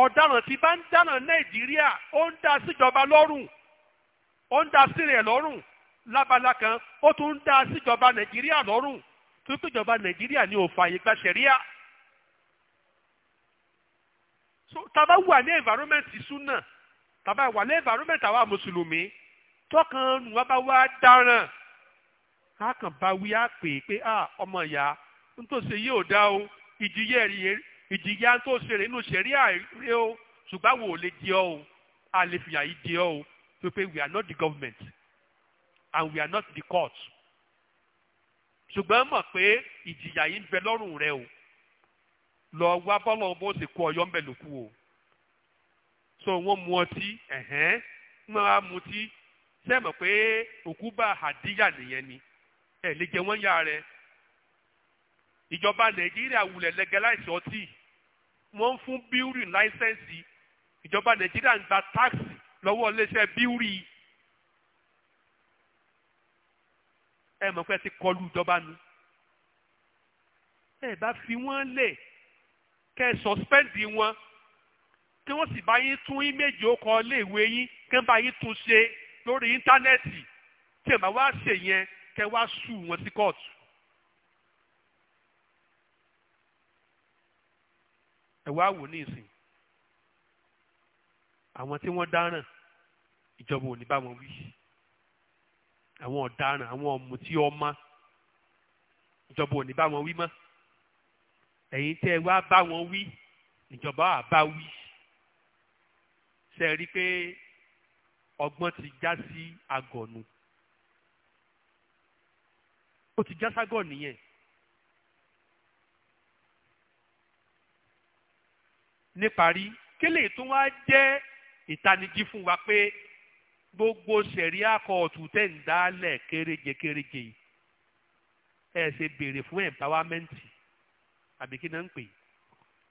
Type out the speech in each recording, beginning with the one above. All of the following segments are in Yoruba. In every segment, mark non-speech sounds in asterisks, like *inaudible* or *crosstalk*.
ọ̀daràn tí bá ń dáràn nàìjíríà ó ń dá síjọba lọ́rùn ó ń dá sírẹ̀ lọ́rùn lábala kan ó tún ń dá síjọba nàìjíríà lọ́rùn tó péjọba nàìjíríà ni ò fààyè gba ṣẹ̀ríà. so tàbá wà ní environment súnà tàbá wà ní environment àwa mùsùlùmí tọkàn nùwà bá wá dáràn a kàn bá wí á pè é pé ọmọ ìyá nítòsí yóò dá o ìdíyẹ́ rí ìjìyà tó ṣeré inú ṣeré àìrè o ṣùgbọ́n wo ò lè di ọ o a lè fìyà yìí di ọ o tó pé we are not the government and we are not the court ṣùgbọ́n mọ̀ pé ìjìyà yìí ń bẹ lọ́rùn rẹ o lọ wá bọ́lọ̀ bó ṣe kó ọyọ́ mbẹ̀ lóku o so wọ́n mu ọtí ẹ̀hẹ́n wọ́n á mutí sẹ́mọ̀ pé òkú bá àdíyà nìyẹn ni ẹ̀ lè jẹ wọ́n yá rẹ ìjọba nàìjíríà wulẹ̀ lẹ́gẹ́láìsì ọtí wọ́n ń fún bíúrì láísẹ́ǹsì ìjọba nàìjíríà ń gba táàsì lọ́wọ́ iléeṣẹ́ bíúrì ẹ mọ̀ pé ti kọlu ìjọba nu ẹ bá fi wọ́n lẹ̀ kẹ́ ẹ sọ̀spẹ́ǹdì wọn kí wọ́n sì bá yín tún íméèjì ọkọ̀ iléèwé yín kí wọ́n bá yín tún ṣe lórí íńtánẹ́ẹ̀tì tí ẹ bá wá ṣèyẹn kẹ́ wá sùn wọn sí kóòtù. ẹ wá wò ní ìsìn àwọn tí wọ́n dáràn ìjọba ò ní bá wọn wí àwọn ọ̀daràn àwọn ọ̀mùtí ọmọ ìjọba ò ní bá wọn wí mọ́ ẹ̀yin tẹ́ ẹ wá bá wọn wí ìjọba á bá wí ṣe rí i pé ọgbọ́n ti já sí agọ̀nù ó ti já ságọ̀ nìyẹn níparí kílè tó wá jẹ́ ìtanijí fún wa pé gbogbo sẹ̀ríà kóòtù tẹ̀ ń dálẹ̀ kéréje kéréje ẹ̀ ṣe béèrè fún ẹ̀mpáwámẹ́ǹtì àbí kí náà ń pè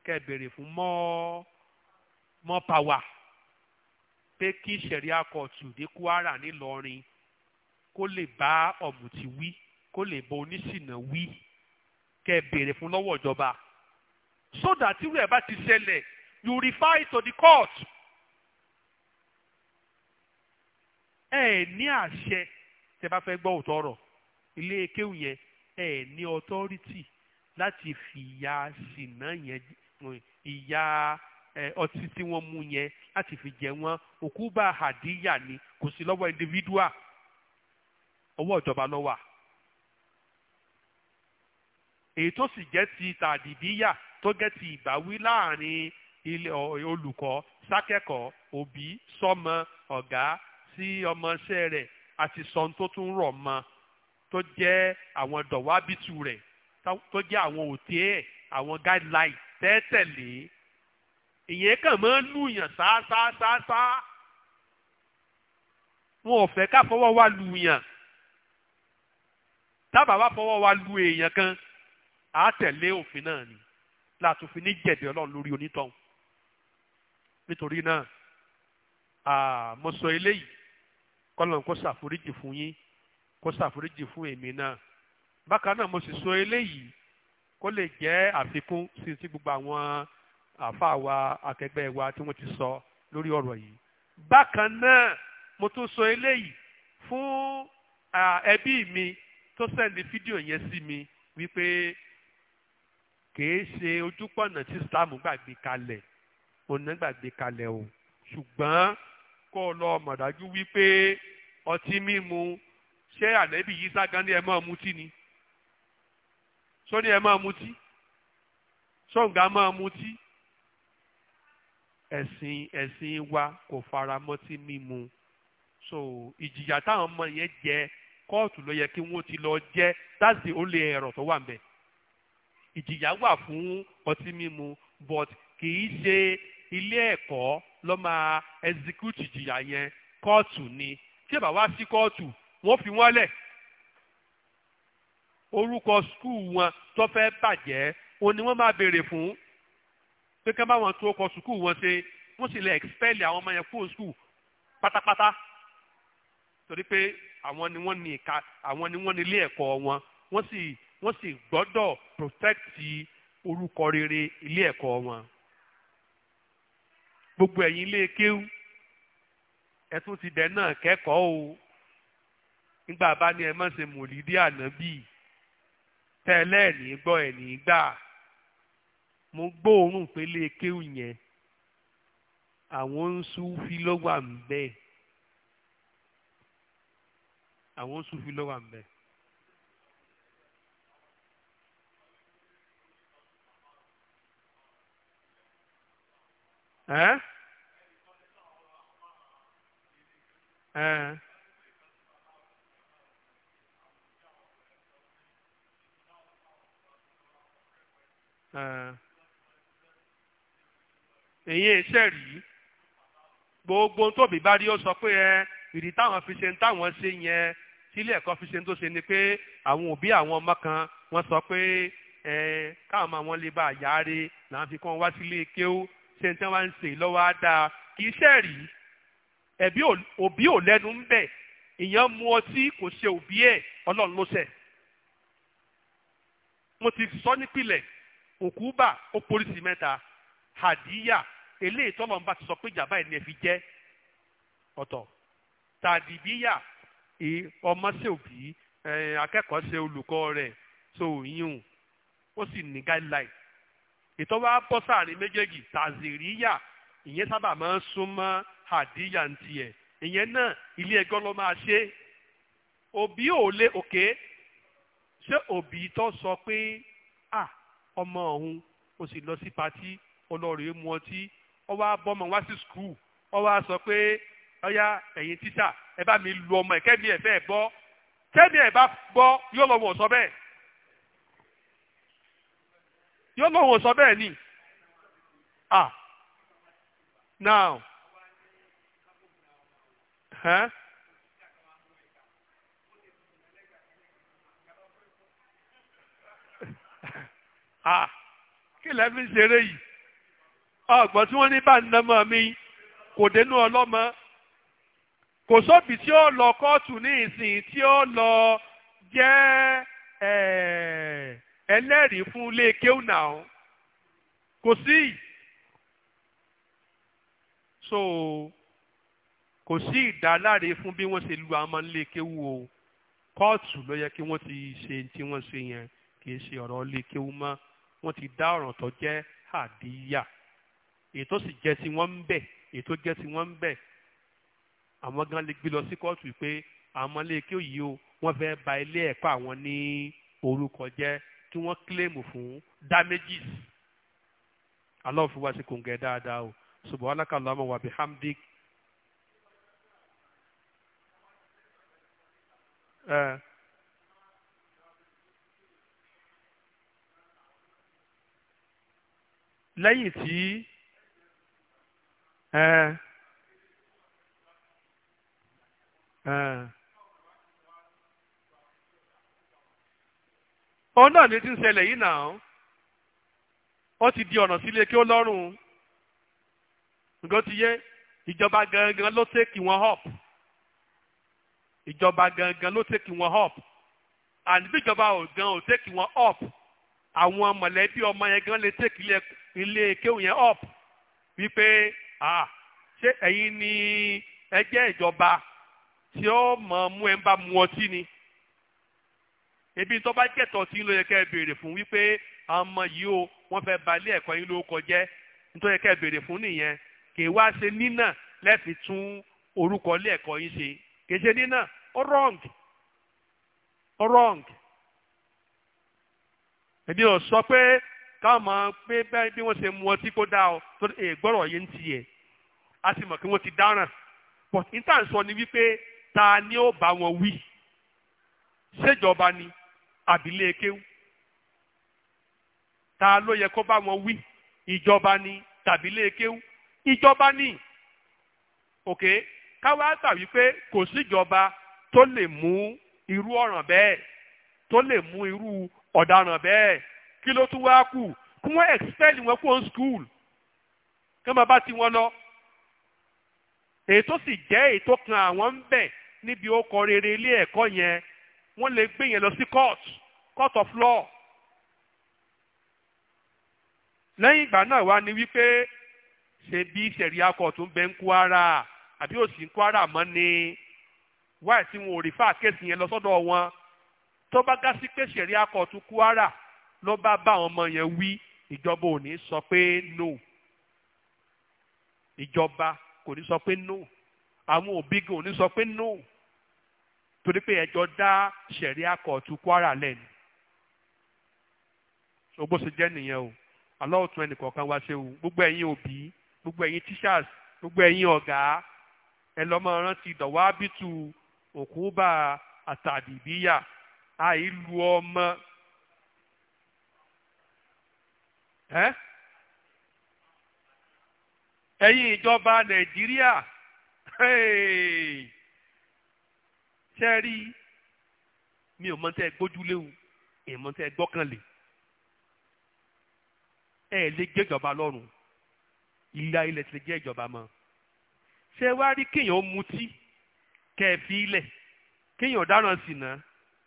kẹ́ ẹ béèrè fún mọ́ mọ́ pàwà pé kí sẹ̀ríà kóòtù dé Kwara nílọrin kó lè bá ọ̀mùtí wí kó lè bọ oníṣìnà wí kẹ́ béèrè fún lọ́wọ́ ìjọba sódà tí rẹ̀ bá ti ṣẹlẹ̀ you refer it to the court. ẹ ní àṣẹ tẹ bá fẹ́ gbọ́ òótọ́ ọ̀rọ̀ ilé kéwù yẹn ẹ ní authority láti fi ìyà ṣìnà yẹn ìyà ọtí tí wọ́n mú yẹn láti fi jẹ wọ́n òkú bá àdíyà ni kò sí lọ́wọ́ individual ọwọ́ ìjọba ló wà èyí tó sì jẹ́ ti tàdìbíyà tó jẹ́ ti ìbáwí láàrin ilé olùkọ́ sákẹ́kọ̀ọ́ òbí sọ́mọ ọ̀gá sí ọmọọṣẹ́ rẹ̀ àti sọ́n tó tún rọ̀ mọ́ tó jẹ́ àwọn dọ̀wábìtù rẹ̀ tó jẹ́ àwọn òté ẹ̀ àwọn guideline tẹ́tẹ̀lé ìyẹn kàn máa ń lùyàn ṣáṣáṣáṣá wọn ò fẹ́ ká fọwọ́ wa lùyàn tábà bá fọwọ́ wa lu èèyàn kan àá òfin náà ni látòfin ní jẹ̀dẹ̀ ọlọ́run lórí onítọ̀hún nítorí náà mo sọ eléyìí kọ́lọ̀ kó ṣàforíjì fún yín kó ṣàforíjì fún èmi náà bákan náà mo sì sọ eléyìí kó lè jẹ́ àfikún sí ti gbogbo àwọn àáfàá wa akẹgbẹ́ wa tí wọ́n ti sọ lórí ọ̀rọ̀ yìí bákan náà mo tún sọ eléyìí fún ẹbí mi tó sẹ́ndí fídíò yẹn sí mi wípé kìí ṣe ojúpọ̀nà tí Islam gbàgbé kalẹ̀ onígbàgbé kalẹ̀ o ṣùgbọ́n kó o lọ mọ̀ dájú wípé ọtí mímu ṣé àlẹ́bí yìí ságán ní ẹ máa mutí ni sọ ní ẹ máa mutí sọ̀ǹgà máa mutí ẹ̀sìn ẹ̀sìn wa kò fara mọ́tí mímu so ìjìyà táwọn ọmọ yẹn jẹ kóòtù ló yẹ kí wọ́n ti lọ jẹ́ that's the only ẹ̀rọ tó wà ń bẹ̀ ìjìyà wà fún ọtí mímu but kì í ṣe ilé ẹ̀kọ́ ló máa execute ìjìyà yẹn kóòtù ni tí ẹ bá wá sí kóòtù wọ́n fi wọ́n lẹ̀ orúkọ skul wọn tó fẹ́ bàjẹ́ òun ni wọ́n máa béèrè fún pé ká bá wọn tó kọ skul wọn ṣe wọ́n sì lè expel àwọn ọmọ yẹn kúrò skul pátápátá torí pé àwọn ni wọ́n ní ìka àwọn ni wọ́n ní ilé ẹ̀kọ́ wọn wọ́n sì wọ́n sì gbọ́dọ̀ protect orúkọ rere ilé ẹ̀kọ́ wọn gbogbo ẹ̀yin lé kéwú ẹ tún ti dẹ̀ náà kẹ́kọ̀ọ́ o nígbà bá ní ẹ má ṣe mòlídé ànábì tẹ́lẹ̀ ní gbọ́ ẹ̀ ní gbà mo gbóòórùn pé lé kéwú yẹn àwọn ń súnfí lọ́wọ́ à ń bẹ́ẹ̀ àwọn ń súnfí lọ́wọ́ à ń bẹ́ẹ̀. ẹ́ ẹ́. èyí iṣẹ́ rí gbogbo tóbi bá rí ó sọ pé ẹ ìdí táwọn fi ṣe ń táwọn ṣe yẹn sílé ẹ̀kọ́ fi ṣe ń tó ṣe ni pé àwọn òbí àwọn ọmọ kan wọ́n sọ pé ẹ káwọn ọmọ wọn lè bá yáre làwọn fi kọ́ wá sílé kéwú ṣe tí wọ́n ń ṣe lọ́wọ́ á dáa kì í ṣe rí ẹ̀bí òbí ò lẹ́nu ń bẹ̀ ìyẹn mu ọtí kò ṣe òbí ẹ̀ ọlọ́run ló ṣẹ̀. mo ti sọ nípìnlẹ̀ òkúba ó polisi mẹ́ta hadiya eléyìí tọ́lọ̀ ń bá ti sọ pé jàmbá ẹ̀ fi jẹ́ ọ̀tọ̀ tàdìbíyà ọmọ ṣe òbí akẹ́kọ̀ọ́ ṣe olùkọ́ rẹ̀ so yíyún ó sì ní guideline ìtọ́wá bọ́ sáàrin méjèèjì tàzíríyà ìyẹn sábà máa ń súnmọ́ àdíyà ń tiẹ̀ ìyẹn náà ilé ẹjọ́ ló máa ṣe òbí ò lé òkè ṣé òbí tó sọ pé à ọmọ òun ó sì lọ sí patí ọlọ́rìí mu ọtí ó wá bọ́mọ wá sí skul ó wá sọ pé ọyá ẹ̀yin tíṣà ẹ bá mi lu ọmọ ẹ̀kẹ́ mi ẹ̀ fẹ́ bọ́ kẹ́mi ẹ̀ bá gbọ́ yóò lọ́wọ́ sọ bẹ́ẹ̀ yóò lóun ò sọ bẹ́ẹ̀ ni ah now huh? ah kí lẹ́ fi ń ṣeré yìí ọgbọ́n tí wọ́n ní bá ń nàmọ́ mi kò dénú ọlọ́mọ kò sóbì tí ó lọ kóòtù ní ìsìn tí ó lọ jẹ́ ẹ̀ẹ́ ẹlẹ́rìí fún ilé kéwùnà o kò sí so kò sí ìdáláre fún bí wọ́n ṣe lu àmọ́ ilé kéwù o kóòtù ló yẹ kí wọ́n ti ṣe tí wọ́n ṣe yẹn kì í ṣe ọ̀rọ̀ ilé kéwù mọ́ wọ́n ti dá ọ̀ràn tó jẹ́ àdíyà ètò sì jẹ́ sí wọ́n ń bẹ̀ ètò jẹ́ sí wọ́n ń bẹ̀ àwọn gan lè gbé lọ sí kóòtù pé àwọn ilé kéwù yìí o wọ́n fẹ́ bà ilé ẹ̀kọ́ àwọn ní orúkọ jẹ́ tí wọ́n kílèmù fún damages Allah fi wá sí kòǹgẹ́ dáadáa o subhanaka Allahumma wa bihamdik. Uh, lẹ́yìn tí ẹ ẹ. òun náà ní ti ń ṣẹlẹ̀ yìí náà ó ti di ọ̀nà sílé kí ó lọ́rùn nǹkan ti yé ìjọba gangan ló tẹ́kì wọn up ìjọba gangan ló tẹ́kì wọn up àní bí ìjọba ò gan ò tẹ́kì wọn up àwọn mọ̀lẹ́bí ọmọ yẹn gan lè tẹ́kì ilé kéwù yẹn up wípé ṣé ẹ̀yin ni ẹgbẹ́ ìjọba tí ó mọ̀ mú ẹ ń bá mu ọtí ni ebi tó bá jẹ́tọ̀ tí ń yẹ kẹ́ béèrè fún wípé àwọn ọmọ yìí o wọn fẹ balẹ̀ ẹ̀kọ́ yín ló kọjẹ́ nítorí yẹ kẹ́ béèrè fún nìyẹn kì í wá ṣe nínà lẹ́ẹ̀fi tún orúkọ lé ẹ̀kọ́ yín ṣe kì í ṣe nínà ó wrong ó wrong èmi ò sọ pé káwọn máa pé bẹ́ẹ̀ bí wọ́n ṣe mu ọtí kó dá ọ tó ègbọ́rọ̀ yẹn ń tiẹ̀ a sì mọ̀ kí wọ́n ti dáràn but intan sọ ni wípé ta ni ó bá wọn wí ṣèjọba ni abili kéwú ta ló yẹ kó bá wọn wí ìjọba ni tàbí ilé ìjọba ni òkè káwá gbà wípé kò síjọba tó lè mú irú ọ̀ràn bẹ́ẹ̀ tó lè mú irú ọ̀daràn bẹ́ẹ̀ kí ló tún kù kí wọ́n expel wọn kó school kí wọ́n ti wọn lọ èyí tó sì jẹ́ èyí tó kan àwọn ń bẹ̀ níbi ó kọ rere ilé yẹn wọ́n lè gbé yẹn lọ sí court court of law lẹ́yìn ìgbà náà wá ní wípé ṣe bí sẹ̀ríà court, ń bẹ ń Kwara àbí òsì ń Kwara mọ́ ni wáyé tí wọn ò rí fáà kéèsì yẹn lọ sọ́dọ̀ wọn tó bá gá sí pé sẹ̀ríà kóòtù Kwara ló bá bá àwọn ọmọ yẹn wí ìjọba ò ní sọ pé no ìjọba kò ní sọ pé no àwọn òbí gan ò ní sọ pé no. torí pé ẹjọ́ dá sẹ̀ríà kọ̀ọ̀tù Kwara lẹ́nu ogbó ṣe jẹ́ nìyẹn o aláwọ̀ tún ẹnì kọ̀ọ̀kan wá ṣe o gbogbo ẹ̀yin òbí gbogbo ẹ̀yin teachers gbogbo ẹ̀yin ọ̀gá ẹ lọ́mọ rántí dọ̀wọ́ òkúba àtàdìbíyà àìlú ọmọ ẹ ẹ̀yin ìjọba Nàìjíríà. ṣe mi ò mọ tẹ́ gbójúlé o èyí mọ tẹ́ gbọ́kànlé ẹ lè jẹ́ ìjọba lọ́rùn ìlà ilẹ̀ ti lè jẹ́ ìjọba mọ́ ṣe wá rí kéèyàn mutí kẹ́ ẹ fi ilẹ̀ kéèyàn dáràn sí náà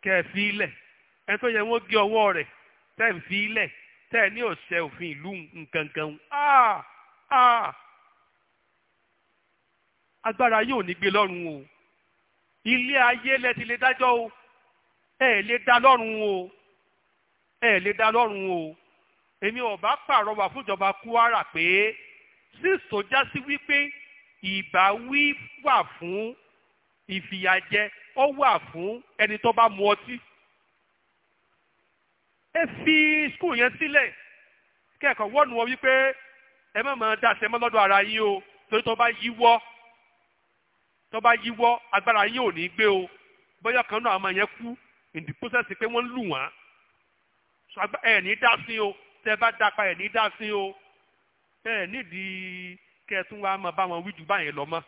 kẹ́ ẹ fi ilẹ̀ ẹ tó yẹ wọ́n gé ọwọ́ rẹ̀ tẹ́ ilẹ̀ tẹ́ ní ọ̀sẹ̀ òfin ìlú nkankan ah! Ah! agbára yóò ní gbé lọ́rùn o ilé ayé lẹ ti lè dájọ́ o ẹ lè dá lọ́rùn o ẹ lè dá lọ́rùn o èmi ò bá pàrọwà fúnjọba Kwara pé sísò tó já sí wípé ìbáwí wà fún ìfìyàjẹ ó wà fún ẹni tó bá mu ọtí ẹ fi skul yẹn sílẹ̀ kẹ́kọ̀ọ́ wọ́n nu ọ wípé ẹ má máa dá sẹ́mọ́ lọ́dọ̀ ara yín o torí tó bá yíwọ́ tó bá yíwọ́ agbára yín ò ní gbé o bóyá kan náà àmọ́ yẹn kú in the pé wọ́n lù wọ́n so ẹ̀ ní dá sí o tẹ́ bá dápa ẹ̀ ní dá sí o ẹ̀ nídìí kẹ́ ẹ tún wá máa bá wọn wí jù báyẹn lọ mọ́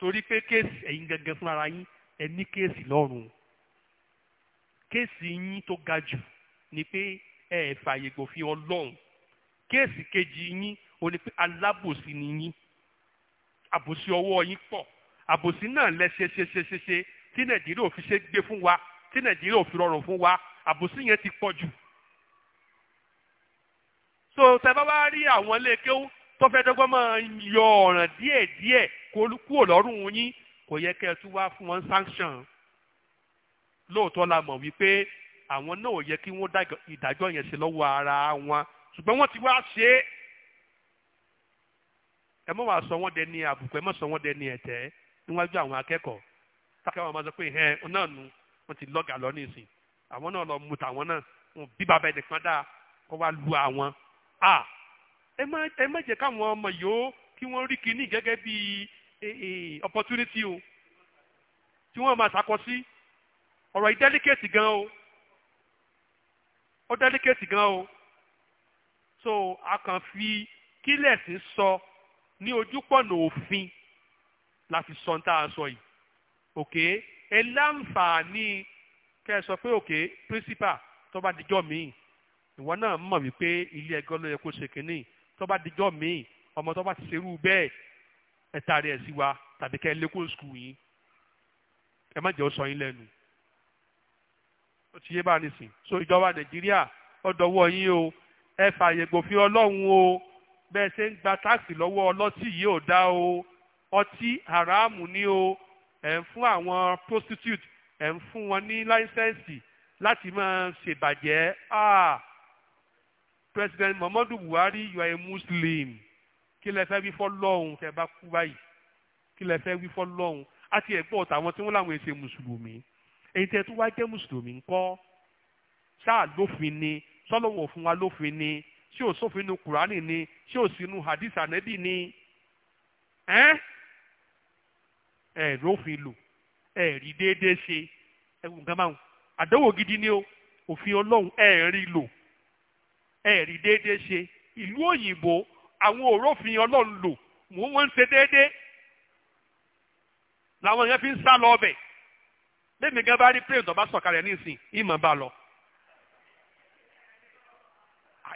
torí pé kéèsì ẹ̀yin gẹ́gẹ́ fúnra yín ẹ ní kéèsì lọ́rùn kéèsì yín tó ga jù ni pé ẹ fààyè gbòfin ọlọ́run kéèsì kejì yín o ní pé alábòsí ni yín àbòsí ọwọ́ yín pọ̀ àbòsí náà lẹ ṣe ṣe ṣe ṣe ṣe tí nàìjíríà ò fi ṣe gbé fún wa tí nàìjíríà ò fi rọrùn fún wa àbòsí yẹn ti pọ̀ jù. so tẹ́fẹ́ wá rí àwọn ilé kéwú tó fẹ́ dọ́gbọ́n máa yọ ọ̀ràn díẹ̀díẹ̀ kó kúrò lọ́rùn yín kò yẹ kẹ́ ẹ tún wá fún wọn sanction lóòótọ́ la mọ̀ wípé àwọn náà ò yẹ kí wọ́n dá ìdájọ́ yẹn sí lọ́wọ́ ara wọn ṣùgbọ́n wọ́n ti wá ṣe é ẹ mọ̀ wá sọ wọ́n dẹni àbùkù ẹ mọ̀ sọ wọ́n dẹni ẹ̀tẹ́ níwájú àwọn akẹ́kọ̀ọ́ tákàwọn máa sọ pé ẹ ọ náà nu wọn ti lọ́gà lọ ní ìsìn àwọn náà lọ mu tàwọn náà wọn bí bàbá ẹnìkan dá kó wá lu àwọn ẹ má jẹ́ káwọn ọmọ yòó kí wọ́n rí kinní gẹ́gẹ́ bí e, e, opportunity o tí wọ́n máa ṣàkọsí ọ̀rọ̀ yìí delicate gan o ó delicate gan o so a kàn fi kílẹ̀sì sọ ní ojúpọ̀nà òfin láti sọ ní tá a sọ yìí òkè ẹ láǹfààní kẹ ẹ sọ pé òkè principal tó bá dijọ́ míì ìwọ náà mọ̀ wípé ilé ẹ̀kọ́ ló yẹ kó ṣe kínní tó bá míì ọmọ tó ti ṣerú bẹ́ẹ̀ ẹ taari ẹ̀ sí wa tàbí kẹ́ ẹ lékún skul yín ẹ má jẹ́ ó sọ yín lẹ́nu ó ti yé bá a nìsín so ìjọba nàìjíríà ọdọwọ yín o ẹ fààyè gbòfin ọlọ́run o bẹ́ẹ̀ ṣe ń gba táàsì lọ́wọ́ ọlọ́tì yìí ò dá o ọtí haramu ni o ẹ̀ ń fún àwọn prostitute ẹ̀ ń fún wọn ní láísẹ̀nsì láti máa ṣèbàjẹ́ ah President Muhammadu Buhari you are a Muslim kí lẹ fẹ́ wí fọ́lọ́hún tẹ bá kú báyìí kí lẹ fẹ́ wí fọ́lọ́hún àti ẹ̀gbọ́n tàwọn tí wọ́n láwọn èsè mùsùlùmí èyí tẹ́ tó wá jẹ́ mùsùlùmí ńkọ́ ṣáà lófin ni sọ́lọ́wọ̀ fún wa lófin ni ṣé ò sófin nu Kùránì ni ṣé ò sínú hadith ànẹ́bì ni. Eh? ẹ rófin lò ẹ rí déédéé ṣe ẹ wù nǹkan báwọn àdánwò gidi ni o òfin ọlọ́run ẹ rí lò ẹ rí déédéé ṣe ìlú òyìnbó àwọn òrófin ọlọ́run lò wọ́n wọ́n ń ṣe déédéé làwọn yẹn fi ń sá lọ ọbẹ̀ lẹ́mi gan bá rí plane tó bá sọ̀kalẹ̀ nísìn ìmọ̀ bá lọ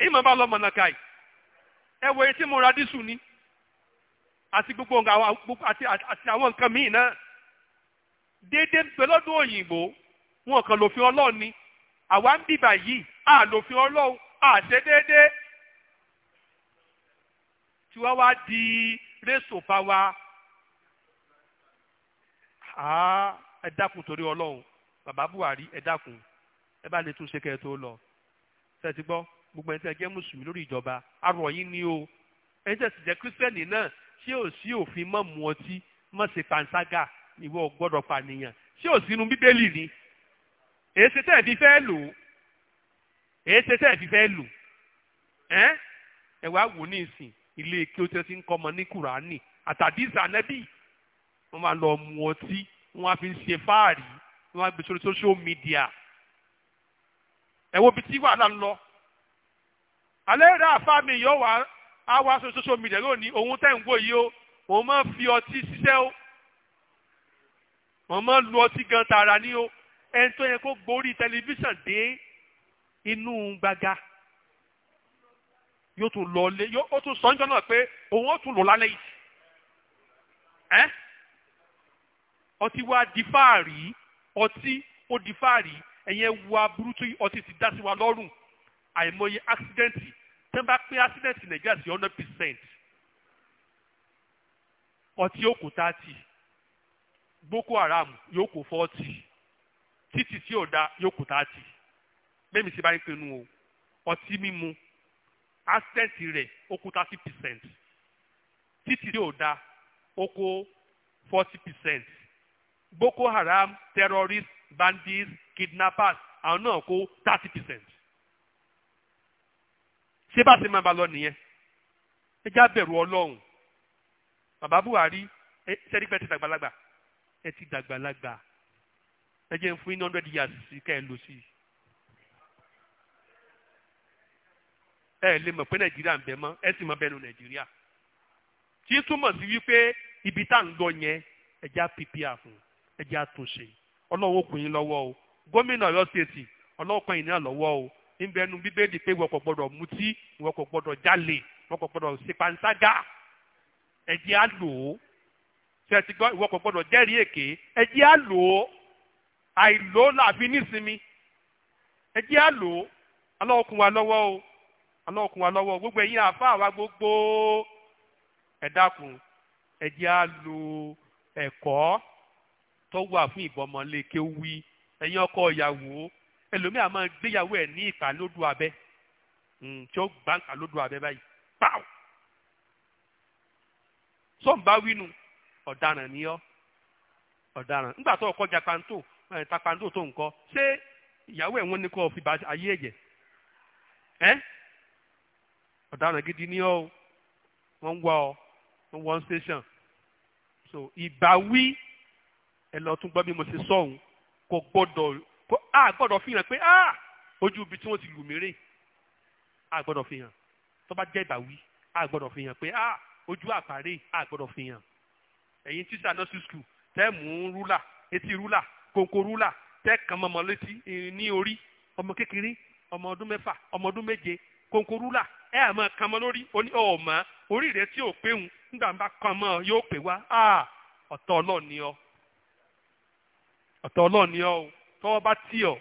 ìmọ̀ bá lọ mọ̀nàkàì ẹ wo etí mo ra dísù ni àti gbogbo àti àwọn nǹkan míì náà déédéé pẹ̀lọ́dún òyìnbó wọn kàn lòfin ọlọ́run ni àwa ń bìbà yìí àlòfin ọlọ́run àṣẹ déédéé tí wọ́n wá di réṣò bá wa ẹ dákun torí ọlọ́run bàbá Buhari ẹ dákun ẹ bá lè tún ṣe kẹ́ ẹ tó lọ ṣe ti gbọ́ gbogbo ẹni tí ẹ mùsùlùmí lórí ìjọba arọ̀ yín ni o ẹni tí ẹ sì náà tí ò sí òfin mọ́ mu ọtí mọ́ ṣe panṣágà ìwọ gbọ́dọ̀ pànìyàn tí ò sínú bíbélì ni èsì tẹ̀ fi fẹ́ lò èsì tẹ̀ fi fẹ́ lò ẹ́ ẹ wá wò ní ìsìn ilé kí o ti ń kọ́ ọmọ ní kùránì àtàdísà nẹ́bì wọ́n máa lọ mu ọtí wọ́n á fi ń ṣe fáàrí wọ́n á gbé sórí social media ẹ wo bí tí wàhálà ń lọ alẹ́ rẹ̀ àfáàmì yóò wá A wá sórí social media yóò ní òun tẹ̀ ń wò yìí o òun máa fi ọtí ṣiṣẹ́ o òun máa lu ọtí gan tààrà ní o ẹni tó yẹ kó gborí tẹlifíṣàn dé inú gbaga yóò tún lọ lé yóò tún sọ níjọ náà pé òun ó tún lò lálẹ́ yìí ẹ́ ọtí wa di fáàrí ọtí ó di fáàrí ẹ̀yẹn wa aburú tí ọtí ti dá sí wa lọ́rùn àìmọye ásídẹ́ǹtì tí wọ́n bá pín accident nàìjíríà sí hundred percent ọtí yóò kó thirty boko haram yóò kó forty títì tí ò da yóò kó thirty mẹ́mi ti bá yín pinnu o ọtí mímu accident rẹ̀ ó kó thirty percent títì tí ò da ó kó forty percent boko haram terrorists bandits kidnappers àwọn náà kó thirty percent ṣé bá ti máa bá lọ nìyẹn ẹ já bẹ̀rù ọlọ́run bàbá Buhari ẹ sẹ́ni pé ẹ ti dàgbàlagbà ẹ ti dàgbàlagbà ẹ jẹ́ fún iná hundred years ká ẹ lò sí i ẹ lè mọ̀ pé Nàìjíríà ń bẹ mọ́ ẹ sì mọ̀ bẹ́ẹ̀ lọ Nàìjíríà tí túmọ̀ sí wípé ibi tá à ń lọ yẹn ẹ já pípíà fún ẹ já túnṣe ọlọ́wọ́ kùn yín lọ́wọ́ o gómìnà Ọ̀yọ́ stéètì ọlọ́wọ́ yìí náà lọ́wọ́ o nbẹnu bíbélì pé wọ́n kò gbọ́dọ̀ mutí wọ́n kò gbọ́dọ̀ jalè wọ́n kò gbọ́dọ̀ sepansaga ẹ̀jẹ̀ á lò ó ṣètì gbọ́ wọ́n kò gbọ́dọ̀ jẹ́rìí èké ẹ̀jẹ̀ á lò ó àìlò làbí nísìmí ẹ̀jẹ̀ á lò ó Allah kún wa lọ́wọ́ o Allah kún wa lọ́wọ́ gbogbo ẹ̀yin àfa wa gbogbo ẹ dákun á lò ẹ̀kọ́ tó wà fún ìbọmọlé kéwì ẹ̀yin ọkọ ìyàwó ẹlòmíì àmọ́ gbéyàwó ẹ̀ ní ìka lódò abẹ́ hmm, tí ó gbà ń kà lódò abẹ́ báyìí pàù sọ́ǹbà wínú ọ̀daràn ni ọ́ ọ̀daràn nígbà tó ọkọ̀ japanto tapanto tó nǹkan ṣé ìyàwó ẹ̀ wọ́n ní kó fi ba ayé ẹ̀jẹ̀ ẹ́ ọ̀daràn gidi ni ọ́ wọ́n ń wá ọ wọ́n wọ́n station so ìbáwí ẹ lọ tún gbọ́ bí mo ṣe sọ̀hún kò gbọ́dọ̀ kó a gbọ́dọ̀ fi hàn pé a ojú ibi tí wọ́n ti lù mí rè a gbọ́dọ̀ fi hàn tó bá jẹ́ ìbáwí a gbọ́dọ̀ fi hàn pé a ojú àpárẹ̀ a gbọ́dọ̀ fi hàn ẹ̀yin tíṣà nọ́ọ̀sì skul tẹ́ mú rúlà etí rúlà kónkó rúlà tẹ́ kàn mọ́mọ́ létí eh, ní orí ọmọ kékeré ọmọ ọdún mẹ́fà ọmọ ọdún méje kónkó rúlà ẹ àmọ́ kàn mọ́ lórí ọmọ orí rẹ tí ò péhùn nígbà bá kàn mọ́ yóò pè wá ọ̀tọ̀ ọlọ́ọ̀ni ọ ọ̀tọ̀ ọlọ́ọ̀ni ọ tọ́wọ́ bá tì ọ́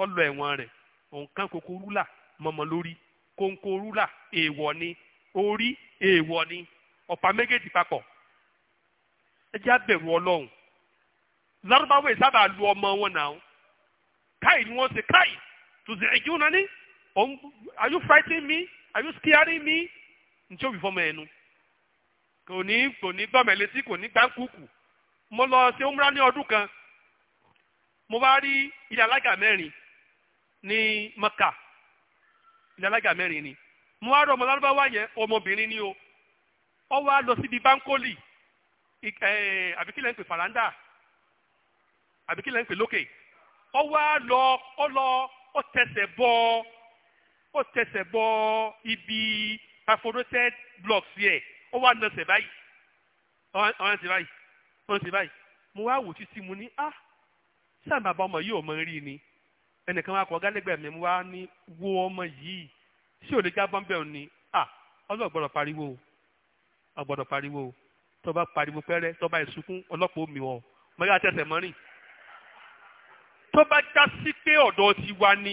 ọ lọ ẹ̀wọ̀n rẹ̀ òǹkan kòkó rúlà mọ̀mọ́ lórí kòǹkó rúlà èèwọ̀ ni orí èèwọ̀ ni ọ̀pá méjèèjì papọ̀ ẹ jẹ́ àbẹ̀rù ọlọ́run lárúbáwò ìsábà lu ọmọ wọn náà káì ni wọ́n ṣe káì tùsí ẹ̀jú náà ni are you frightening me are you scaring me njẹ́ òbí fọmọ ẹnu kò ní kò ní gbọ́mọ̀ létí kò ní gbáǹkùkù mo lọ ṣe umra ní ọdún kan mo wá rí ilé alága mẹ́rin ní maka ilé alága mẹ́rin ni mo wá rí ọmọ lárúbáwá yẹn ọmọbìnrin ni o ọ wá lọ síbi báńkólì àbíkílẹ̀ ń pè faranda àbíkílẹ̀ ń pè lókè ọ wá lọ ọ lọ ọ tẹsẹ̀ bọ́ ọ tẹsẹ̀ bọ́ ibi perforated blocks yẹ ọ wá nọsẹ̀ báyìí ọ wá nọsẹ̀ báyìí ọ nọsẹ̀ báyìí mo wá wò títí mo ní ah sáà bàbá ọmọ yìí ò mọ rí ni ẹnìkan wa kọ gálẹ́gbẹ̀ẹ́ mi wá ní wo ọmọ yìí ṣé ò lè jábọ́ ń bẹ̀ ọ́ ni à ọlọ́ọ̀ gbọ́dọ̀ pariwo ọ gbọ́dọ̀ pariwo tó bá pariwo pẹ́rẹ́ tó bá ìsunkún ọlọ́pàá omi ọ mọ yá tẹsẹ̀ mọ́rìn tó bá já sí pé ọ̀dọ̀ ti wa ni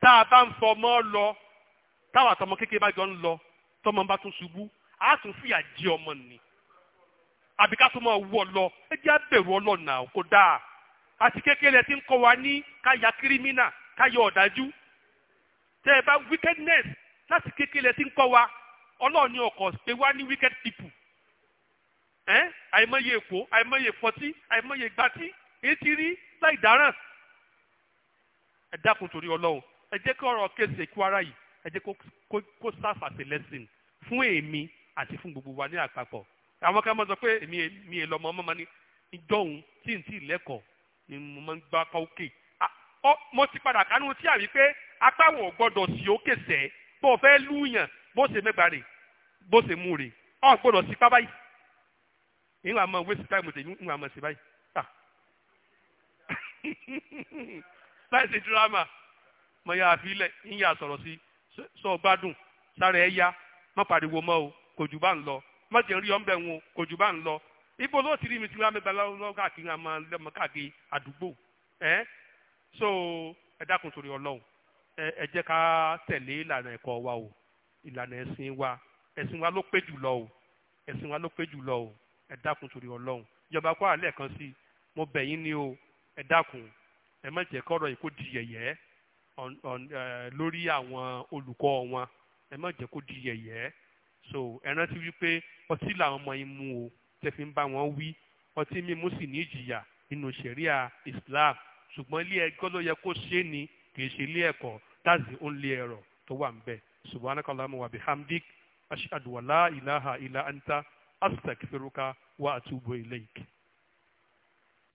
tá a bá ń fọmọ́ lọ táwọn àtọmọ kékeré bá jọ ń lọ tọmọ bá tún ṣubú a tún fìyà jẹ ọmọ nì àbíká tó máa wú lọ ẹ jẹ́ àbẹ̀wò ọlọ́ọ̀nà kó dáa àti kékeré ti ń kọ́ wa ní káyà kírímínà káyà ọ̀dájú tẹ́ ẹ bá wickedness láti kékeré ti ń kọ́ wa ọlọ́run ní ọkọ̀ pé wá ní wicked people ẹ́ àìmọye èkó àìmọye fọtí àìmọye gbatí etí rí láì dáràn ẹ dákun torí ọlọ́run ẹ jẹ́ kí ọ̀rọ̀ kéèsì èkú ara yìí ẹ jẹ́ kó serve as a lesson fún èmi àti fún gbogbo wa ní àpapọ̀ àwọn kan máa sọ pé èmi èmi èlọmọ ọmọ máa ní ìjọhún tí n tí ì lẹ́kọ̀ọ́ ni mo máa ń gbá apá òkè mo ti padà kánú tí àrí pé apá gbọ́dọ̀ sí òkè sẹ́ bó o fẹ́ lùyàn bó ṣe mẹ́gbàá rè bó ṣe mú rè ọ̀ gbọ́dọ̀ sí pápá yìí ìwà àmọ́ waste time tèmi ìwà àmọ́ sí báyìí *laughs* láì sí dírámà mo yà àfilẹ̀ ìyá sọ̀rọ̀ sí sọ gbádùn sára ẹ̀ má pariwo mọ́ o kò jù bá ń lọ má jẹ́ rí ọ́nbẹ̀ wọn kò jù bá ń lọ ibo ló ti rí mi tí wọ́n á mẹ́gbàá lọ́wọ́ káàkiri àmọ́ lọ́mọ káàkiri àdúgbò ẹ́ so ẹ dákun torí ọlọ́run ẹ jẹ́ ká tẹ̀lé ìlànà ẹ̀kọ́ wa o ìlànà ẹ̀sìn wa ẹ̀sìn wa ló pé jùlọ o ẹ̀sìn wa ló pé jùlọ o ẹ dákun torí ọlọ́run ìjọba kọ́ àlẹ́ kan sí mo bẹ̀ yín ni o ẹ dákun ẹ má jẹ́ kọ́rọ̀ yìí kó di yẹ̀yẹ́ lórí àwọn olùkọ́ wọn ẹ má jẹ́ kó di yẹ̀yẹ́ so ẹ rántí wípé ọtí làwọn ọmọ yín mú o tẹ́ fi ń bá wọn wí ọtí mímu sì ní ìjìyà nínú ṣẹ̀ríà Islam ṣùgbọ́n ilé ẹjọ́ ló yẹ kó ṣe é ní ṣe ilé ẹ̀kọ́ that's the only error tó wà ń bẹ̀ subhanakallahumma wa bihamdik ashhadu wa la ilaha illa anta astaghfiruka wa atubu ilayk.